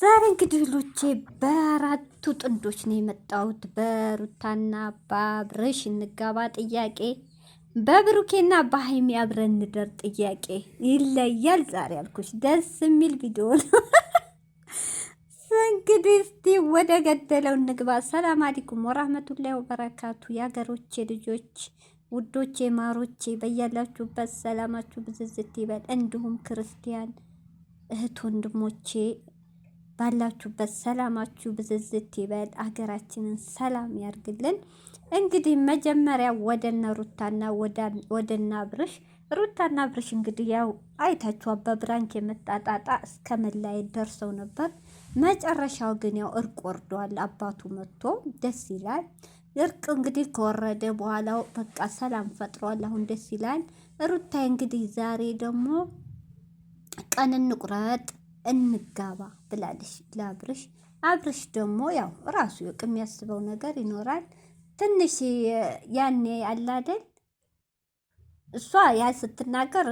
ዛሬ እንግዲህ ሉቼ በአራቱ ጥንዶች ነው የመጣሁት። በሩታና በአብርሽ እንጋባ ጥያቄ፣ በብሩኬና በሀይሚ አብረን እንደር ጥያቄ ይለያል። ዛሬ አልኩሽ ደስ የሚል ቪዲዮ ነው። እንግዲህ እስቲ ወደ ገደለው እንግባ። ሰላም አለይኩም ወራህመቱላሂ ወበረካቱ። የሀገሮቼ ልጆች ውዶቼ ማሮቼ በያላችሁበት ሰላማችሁ ብዝዝት ይበል። እንዲሁም ክርስቲያን እህት ወንድሞቼ ባላችሁበት ሰላማችሁ ብዝዝት ይበል። አገራችንን ሰላም ያርግልን። እንግዲህ መጀመሪያ ወደነ ሩታና ወደና ብርሽ ሩታና ብርሽ እንግዲህ ያው አይታችኋ በብራንክ የመጣጣጣ እስከ መላይ ደርሰው ነበር። መጨረሻው ግን ያው እርቅ ወርዷል። አባቱ መጥቶ ደስ ይላል። እርቅ እንግዲህ ከወረደ በኋላ በቃ ሰላም ፈጥሯል። አሁን ደስ ይላል። ሩታ እንግዲህ ዛሬ ደግሞ ቀን እንቁረጥ እንጋባ ብላለች ለአብርሽ። አብርሽ ደግሞ ያው ራሱ የሚያስበው ነገር ይኖራል። ትንሽ ያኔ አላደል እሷ ያ ስትናገር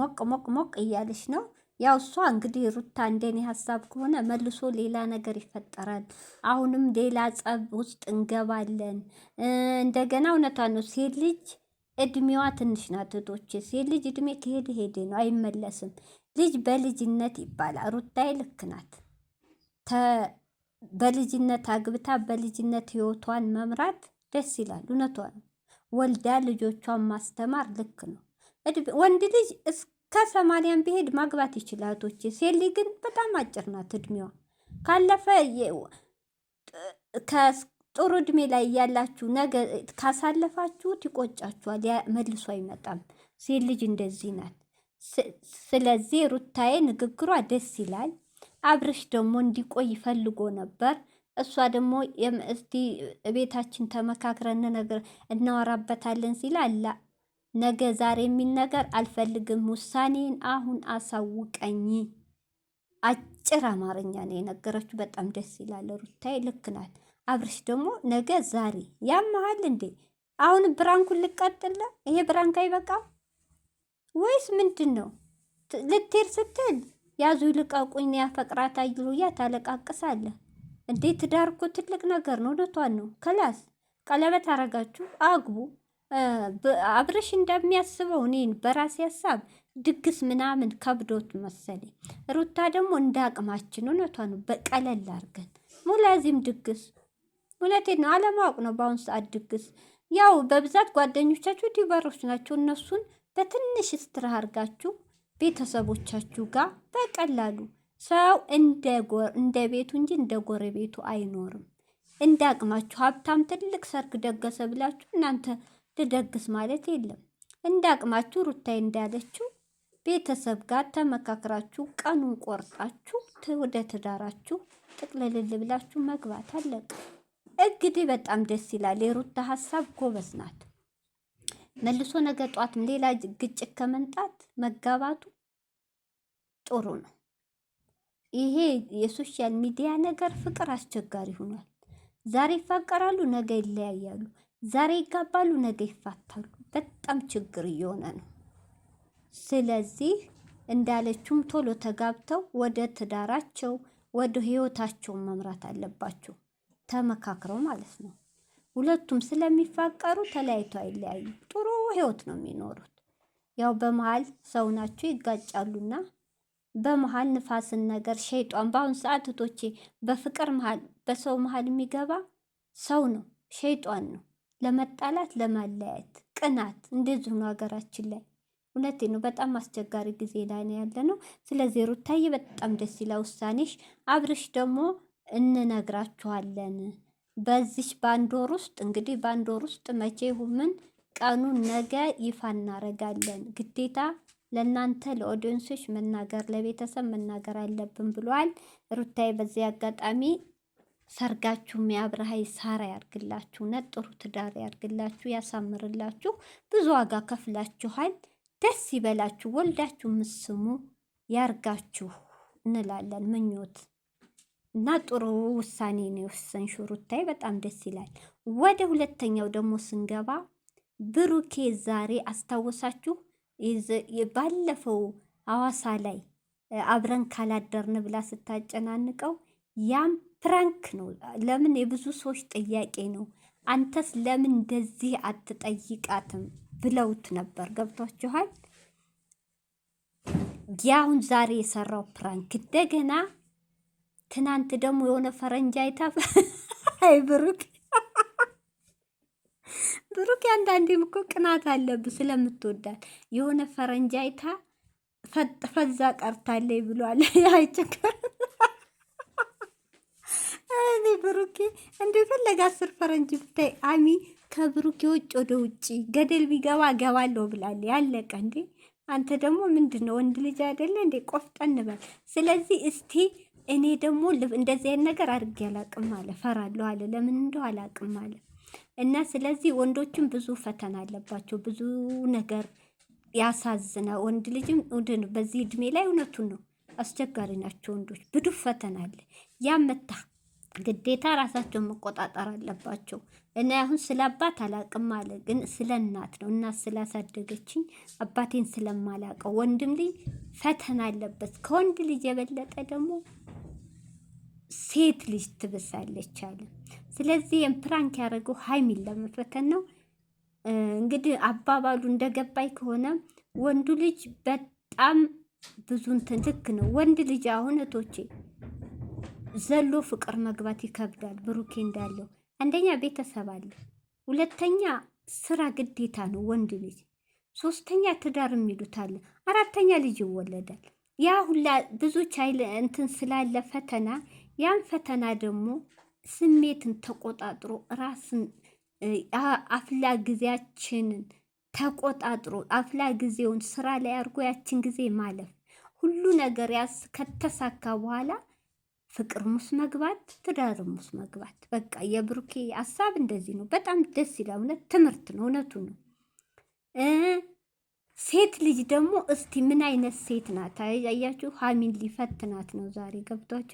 ሞቅ ሞቅ ሞቅ እያለች ነው። ያው እሷ እንግዲህ ሩታ እንደኔ ሀሳብ ከሆነ መልሶ ሌላ ነገር ይፈጠራል። አሁንም ሌላ ጸብ ውስጥ እንገባለን። እንደገና እውነቷ ነው። ሴት ልጅ እድሜዋ ትንሽ ናት እህቶቼ። ሴት ልጅ እድሜ ከሄደ ሄደ ነው፣ አይመለስም። ልጅ በልጅነት ይባላል። ሩታዬ ልክ ናት። በልጅነት አግብታ በልጅነት ህይወቷን መምራት ደስ ይላል። እውነቷ ነው። ወልዳ ልጆቿን ማስተማር ልክ ነው። ወንድ ልጅ እስከ ሰማንያን ቢሄድ ማግባት ይችላል። ቶች ሴሊ ግን በጣም አጭር ናት እድሜዋ። ካለፈ ጥሩ እድሜ ላይ ያላችሁ ነገ ካሳለፋችሁት ይቆጫችኋል፣ መልሶ አይመጣም። ሴት ልጅ እንደዚህ ናት። ስለዚህ ሩታዬ ንግግሯ ደስ ይላል። አብርሽ ደግሞ እንዲቆይ ፈልጎ ነበር። እሷ ደግሞ እስቲ ቤታችን ተመካክረን ነገር እናወራበታለን ሲል አላ ነገ ዛሬ የሚል ነገር አልፈልግም፣ ውሳኔን አሁን አሳውቀኝ። አጭር አማርኛ ነው የነገረችው። በጣም ደስ ይላል። ሩታዬ ልክ ናት። አብርሽ ደግሞ ነገ ዛሬ ያመሃል እንዴ? አሁን ብራንኩን ልቀጥለ ይሄ ብራንክ አይበቃም። ወይስ ምንድን ነው? ልትሄድ ስትል ያዙ ይልቀቁኝ፣ ያፈቅራት አይሉ ያ ታለቃቅሳለህ እንዴ? ትዳር እኮ ትልቅ ነገር ነው። እውነቷን ነው። ከላስ ቀለበት አረጋችሁ አግቡ። አብረሽ እንደሚያስበው እኔን በራሴ ሀሳብ ድግስ ምናምን ከብዶት መሰለኝ። ሩታ ደግሞ እንደ አቅማችን እውነቷን ነው። በቀለል አርገን ሙላዚም ድግስ እውነቴ ነው። አለማወቅ ነው። በአሁኑ ሰዓት ድግስ ያው በብዛት ጓደኞቻችሁ ዲቨሮች ናቸው። እነሱን በትንሽ ስትር አርጋችሁ ቤተሰቦቻችሁ ጋር በቀላሉ ሰው እንደ ቤቱ እንጂ እንደ ጎረቤቱ አይኖርም። እንደ አቅማችሁ ሀብታም ትልቅ ሰርግ ደገሰ ብላችሁ እናንተ ልደግስ ማለት የለም። እንደ አቅማችሁ ሩታይ እንዳለችው ቤተሰብ ጋር ተመካክራችሁ ቀኑን ቆርጣችሁ ወደ ትዳራችሁ ጥቅልልል ብላችሁ መግባት አለቅ እንግዲህ በጣም ደስ ይላል። የሩታ ሀሳብ ጎበዝ ናት። መልሶ ነገ ጧትም ሌላ ግጭት ከመንጣት መጋባቱ ጥሩ ነው። ይሄ የሶሻል ሚዲያ ነገር ፍቅር አስቸጋሪ ሆኗል። ዛሬ ይፋቀራሉ፣ ነገ ይለያያሉ። ዛሬ ይጋባሉ፣ ነገ ይፋታሉ። በጣም ችግር እየሆነ ነው። ስለዚህ እንዳለችውም ቶሎ ተጋብተው ወደ ትዳራቸው ወደ ህይወታቸው መምራት አለባቸው፣ ተመካክረው ማለት ነው። ሁለቱም ስለሚፋቀሩ ተለያይቶ አይለያዩ፣ ጥሩ ህይወት ነው የሚኖሩት። ያው በመሀል ሰው ናቸው ይጋጫሉና በመሀል ንፋስን ነገር ሸይጧን በአሁን ሰዓት እህቶቼ በፍቅር መሀል በሰው መሀል የሚገባ ሰው ነው፣ ሸይጧን ነው ለመጣላት ለማለያየት፣ ቅናት እንደዚሁ ነው ሀገራችን ላይ እውነቴ ነው። በጣም አስቸጋሪ ጊዜ ላይ ነው ያለ ነው። ስለዚህ ሩታዬ በጣም ደስ ይላል ውሳኔሽ። አብርሽ ደግሞ እንነግራችኋለን በዚህ ባንዶር ውስጥ እንግዲህ ባንዶር ውስጥ መቼ ሁምን ቀኑን ነገ ይፋ እናደርጋለን። ግዴታ ለእናንተ ለኦዲየንሶች መናገር ለቤተሰብ መናገር አለብን ብሏል። ሩታዬ በዚህ አጋጣሚ ሰርጋችሁ ሚያብረሃይ ሳራ ያርግላችሁ፣ ነጥሩ ትዳር ያርግላችሁ፣ ያሳምርላችሁ። ብዙ ዋጋ ከፍላችኋል። ደስ ይበላችሁ፣ ወልዳችሁ ምስሙ ያርጋችሁ እንላለን ምኞት እና ጥሩ ውሳኔ ነው የወሰንሽው ሩታይ፣ በጣም ደስ ይላል። ወደ ሁለተኛው ደግሞ ስንገባ ብሩኬ ዛሬ አስታወሳችሁ፣ ባለፈው አዋሳ ላይ አብረን ካላደርን ብላ ስታጨናንቀው ያም ፕራንክ ነው። ለምን የብዙ ሰዎች ጥያቄ ነው። አንተስ ለምን እንደዚህ አትጠይቃትም ብለውት ነበር። ገብቷችኋል? ያሁን ዛሬ የሰራው ፕራንክ እንደገና ትናንት ደግሞ የሆነ ፈረንጅ አይታፍ አይ ብሩክ ብሩክ አንዳንዴም እኮ ቅናት አለብ ስለምትወዳት የሆነ ፈረንጅ አይታ ፈዛ ቀርታለይ ብሏል። አይቸገር እኔ ብሩኬ እንደ ፈለገ አስር ፈረንጅ ብታይ አሚ ከብሩክ የውጭ ወደ ውጭ ገደል ቢገባ ገባለሁ ብላለ። ያለቀ እንዴ! አንተ ደግሞ ምንድን ነው ወንድ ልጅ አይደለ እንዴ? ቆፍጠን በል። ስለዚህ እስቲ እኔ ደግሞ እንደዚህ አይነት ነገር አድርጌ አላቅም አለ። ፈራለሁ አለ። ለምን እንደው አላቅም አለ። እና ስለዚህ ወንዶችም ብዙ ፈተና አለባቸው። ብዙ ነገር ያሳዝና። ወንድ ልጅም በዚህ እድሜ ላይ እውነቱን ነው አስቸጋሪ ናቸው ወንዶች። ብዙ ፈተና አለ። ያመታ ግዴታ ራሳቸውን መቆጣጠር አለባቸው። እና አሁን ስለ አባት አላቅም አለ፣ ግን ስለ እናት ነው። እናት ስላሳደገችኝ አባቴን ስለማላቀው ወንድም ልጅ ፈተና አለበት። ከወንድ ልጅ የበለጠ ደግሞ ሴት ልጅ ትብሳለች አለ። ስለዚህ ፕራንክ ያደረገው ሀይሚን ለመፈተን ነው። እንግዲህ አባባሉ እንደገባኝ ከሆነ ወንዱ ልጅ በጣም ብዙ እንትን ልክ ነው። ወንድ ልጅ አሁን እቶቼ ዘሎ ፍቅር መግባት ይከብዳል። ብሩኬ እንዳለው አንደኛ ቤተሰብ አለ፣ ሁለተኛ ስራ ግዴታ ነው ወንድ ልጅ፣ ሶስተኛ ትዳር የሚሉት አለ፣ አራተኛ ልጅ ይወለዳል። ያ ሁላ ብዙ ቻይል እንትን ስላለ ፈተና ያን ፈተና ደግሞ ስሜትን ተቆጣጥሮ ራስን አፍላ ጊዜያችንን ተቆጣጥሮ አፍላ ጊዜውን ስራ ላይ አድርጎ ያችን ጊዜ ማለፍ ሁሉ ነገር ያስ ከተሳካ በኋላ ፍቅር ሙስ መግባት ትዳር ሙስ መግባት። በቃ የብሩኬ ሀሳብ እንደዚህ ነው። በጣም ደስ ይላል። እውነት ትምህርት ነው። እውነቱ ነው። ሴት ልጅ ደግሞ እስቲ ምን አይነት ሴት ናት? አያችሁ ሀሚን ሊፈትናት ነው ዛሬ ገብቷቸ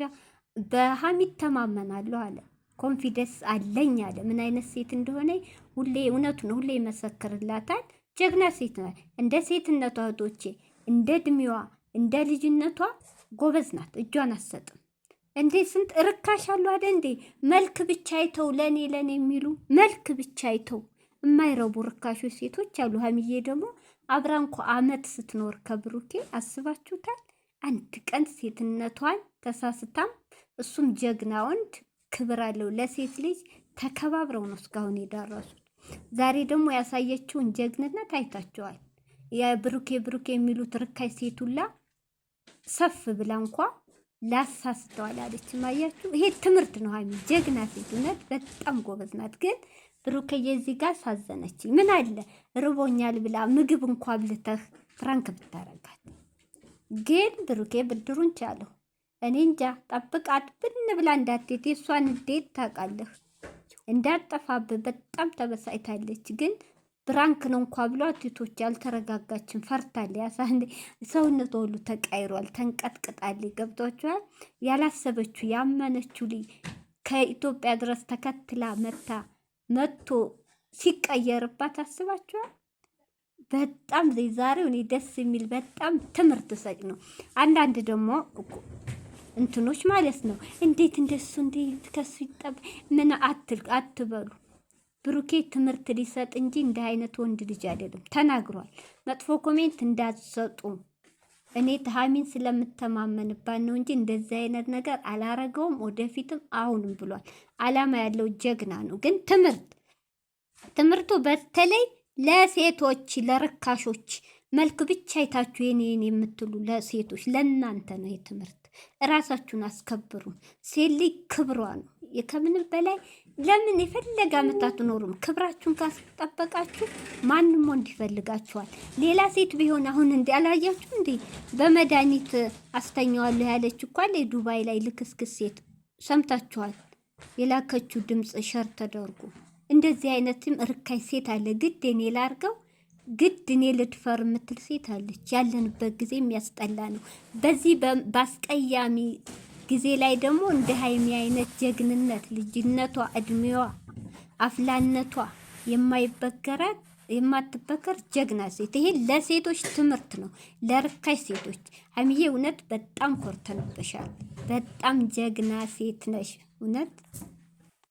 በሀም ይተማመናለሁ አለ። ኮንፊደንስ አለኝ አለ። ምን አይነት ሴት እንደሆነ ሁሌ እውነቱ ነው። ሁሌ ይመሰክርላታል። ጀግና ሴት ናት። እንደ ሴትነቷ እህቶቼ፣ እንደ እድሜዋ፣ እንደ ልጅነቷ ጎበዝ ናት። እጇን አትሰጥም። እንዴ ስንት ርካሽ አሉ አደ እንዴ መልክ ብቻ አይተው ለእኔ ለእኔ የሚሉ መልክ ብቻ አይተው የማይረቡ ርካሾች ሴቶች አሉ። ሀሚዬ ደግሞ አብራ እንኳ አመት ስትኖር ከብሩኬ አስባችሁታል። አንድ ቀን ሴትነቷን ተሳስታም እሱም ጀግና ወንድ ክብር አለው። ለሴት ልጅ ተከባብረው ነው እስካሁን የደረሱት። ዛሬ ደግሞ ያሳየችውን ጀግንነት አይታቸዋል። የብሩኬ ብሩኬ የሚሉት ርካይ ሴቱላ ሰፍ ብላ እንኳ ላሳስተዋል አለች። ማያችሁ ይሄ ትምህርት ነው። ሀሚ ጀግና ሴትነት በጣም ጎበዝ ናት። ግን ብሩኬ የዚህ ጋር ሳዘነች። ምን አለ ርቦኛል ብላ ምግብ እንኳ ብልተህ ፍራንክ ብታረጋት። ግን ብሩኬ ብድሩን ቻለው። እኔ እንጃ ጠብቃት ብን ብላ እንዳትሄድ የእሷን እንዴት ታውቃለህ? እንዳጠፋብ በጣም ተበሳጭታለች። ግን ብራንክ ነው እንኳ ብሎ አትቶች አልተረጋጋችም። ፈርታል ያሳን ሰውነት ሁሉ ተቀይሯል። ተንቀጥቅጣል። ገብቷችኋል? ያላሰበችው ያመነችው ልጅ ከኢትዮጵያ ድረስ ተከትላ መታ መጥቶ ሲቀየርባት አስባችኋል? በጣም ዛሬው እኔ ደስ የሚል በጣም ትምህርት ሰጭ ነው። አንዳንድ ደግሞ እንትኖች ማለት ነው። እንዴት እንደሱ እንዴት ከሱ ይጠብ ምን አትበሉ። ብሩኬ ትምህርት ሊሰጥ እንጂ እንደ አይነት ወንድ ልጅ አይደለም። ተናግሯል። መጥፎ ኮሜንት እንዳትሰጡ። እኔ ተሃሚን ስለምተማመንባት ነው እንጂ እንደዚህ አይነት ነገር አላረገውም ወደፊትም አሁንም ብሏል። አላማ ያለው ጀግና ነው። ግን ትምህርት ትምህርቱ በተለይ ለሴቶች ለርካሾች መልክ ብቻ አይታችሁ የኔን የምትሉ ለሴቶች ለእናንተ ነው የትምህርት ትምህርት። እራሳችሁን አስከብሩ። ሴት ልጅ ክብሯ ነው ከምንም በላይ። ለምን የፈለገ ዓመት አትኖሩም። ክብራችሁን ካስጠበቃችሁ ማንም ወንድ ይፈልጋችኋል። ሌላ ሴት ቢሆን አሁን እንዲ አላያችሁ እንዴ? በመድኃኒት አስተኛዋለሁ ያለች እኮ ዱባይ ላይ ልክስክስ ሴት ሰምታችኋል። የላከችው ድምፅ ሸር ተደርጎ እንደዚህ አይነትም እርካይ ሴት አለ። ግድ የኔ ላርገው ግድ እኔ ልድፈር የምትል ሴት አለች። ያለንበት ጊዜ የሚያስጠላ ነው። በዚህ በአስቀያሚ ጊዜ ላይ ደግሞ እንደ ሀይሚ አይነት ጀግንነት፣ ልጅነቷ፣ እድሜዋ፣ አፍላነቷ የማይበገራት የማትበከር ጀግና ሴት። ይሄ ለሴቶች ትምህርት ነው፣ ለርካሽ ሴቶች። ሀይሚዬ እውነት በጣም ኮርተንብሻል። በጣም ጀግና ሴት ነሽ እውነት።